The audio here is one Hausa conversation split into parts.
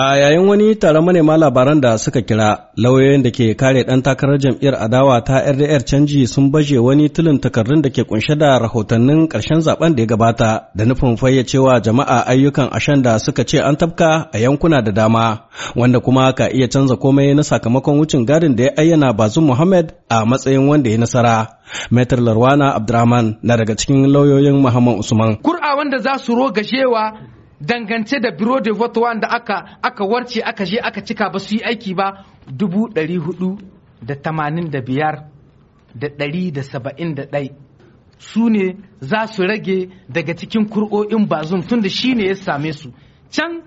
A yayin wani taron manema labaran da suka kira, lauyoyin da ke kare ɗan takarar jam'iyyar adawa ta RDR canji sun baje wani tulin takardun da ke kunshe da rahotannin ƙarshen zaben da ya gabata da nufin fayyacewa jama'a ayyukan ashen da suka ce an tafka a yankuna da dama, wanda kuma ka iya canza komai na sakamakon wucin gadin da ya ayyana bazu Muhammad a matsayin wanda ya nasara. Metar Larwana Abdurrahman na daga cikin lauyoyin Muhammad Usman. Kur'a wanda za su rogashewa dangance da biro de vote wanda aka aka warce aka je aka cika ba su yi aiki ba dubu ɗari hudu da tamanin da biyar da ɗari da saba'in da ɗai su ne za su rage daga cikin kur'o'in bazum tun da shi ne ya same su can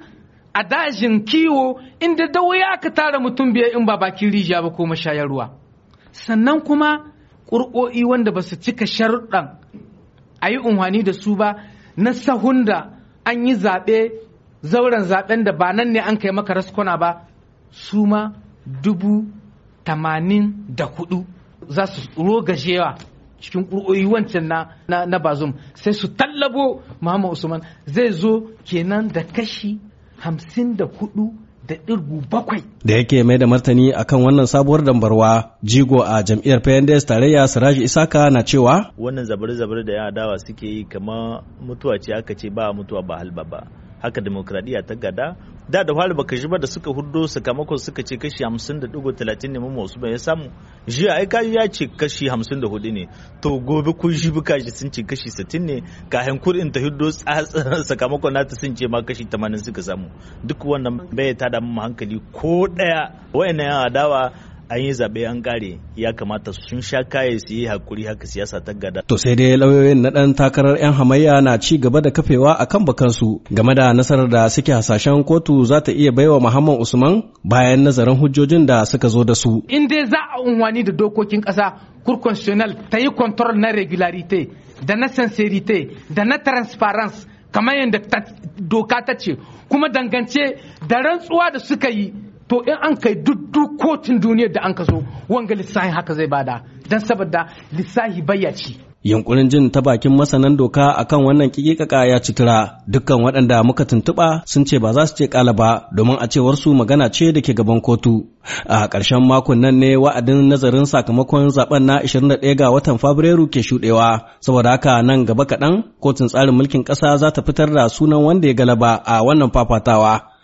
a dajin kiwo inda da wuya aka tara mutum biya in ba bakin rijiya ba ko mashayarwa sannan kuma ƙur'o'i wanda ba su cika sharuɗan a yi unhwani da su ba na sahunda da an yi zaɓe zauren zaɓen da ba nan ne an kai maka raskuna ba su ma dubu tamanin da kudu za su rogajewa cikin ƙuri'oyi wancan na, na, bazum sai su tallabo Muhammad Usman zai zo kenan da kashi hamsin da kudu da Da yake mai da martani akan wannan sabuwar dambarwa jigo a jam'iyyar PNDS tarayya Siraji Isaka na cewa. Wannan zabar-zabar da yan adawa suke yi kamar mutuwa ce aka ce ba mutuwa ba halba ba. haka demokradiya ta gada da da hali baka ji ba da suka hudu sakamakon suka ce kashi 50.30 ne mu wasu bai samu Ji ai kaji ya ce kashi 54 ne to gobe kun ji buka ji sun ce kashi 60 ne kayan in ta hudu sakamakon nata sun ce ma kashi 80 suka samu duk wannan bai da mu hankali ko daya wayannan yawa adawa an yi zaɓe an ƙare ya kamata sun sha kaye su yi hakuri haka siyasa ta gada. To sai dai lauyoyin na ɗan takarar 'yan hamayya na ci gaba da kafewa a kan bakansu game da nasarar da suke hasashen kotu za ta iya baiwa Muhammad Usman bayan nazarin hujjojin da suka zo da su. In dai za a unwani da dokokin ƙasa Cour constitutionnelle ta yi control na regularité da na sincerité da na transparence kamar yadda doka ta ce kuma dangance da rantsuwa da suka yi to in an kai duk kotun duniyar da an ka zo wanga lissahin haka zai bada don saboda lissahi bayyaci Yankunan jin ta bakin masanan doka akan wannan kikikaka ya citira dukkan waɗanda muka tuntuɓa sun ce ba za su ce ƙalaba ba domin a cewar su magana ce da ke gaban kotu a ƙarshen makon nan ne wa'adin nazarin sakamakon zaben na 21 ga watan fabrairu ke shuɗewa saboda haka nan gaba kaɗan kotun tsarin mulkin ƙasa za ta fitar da sunan wanda ya galaba a wannan fafatawa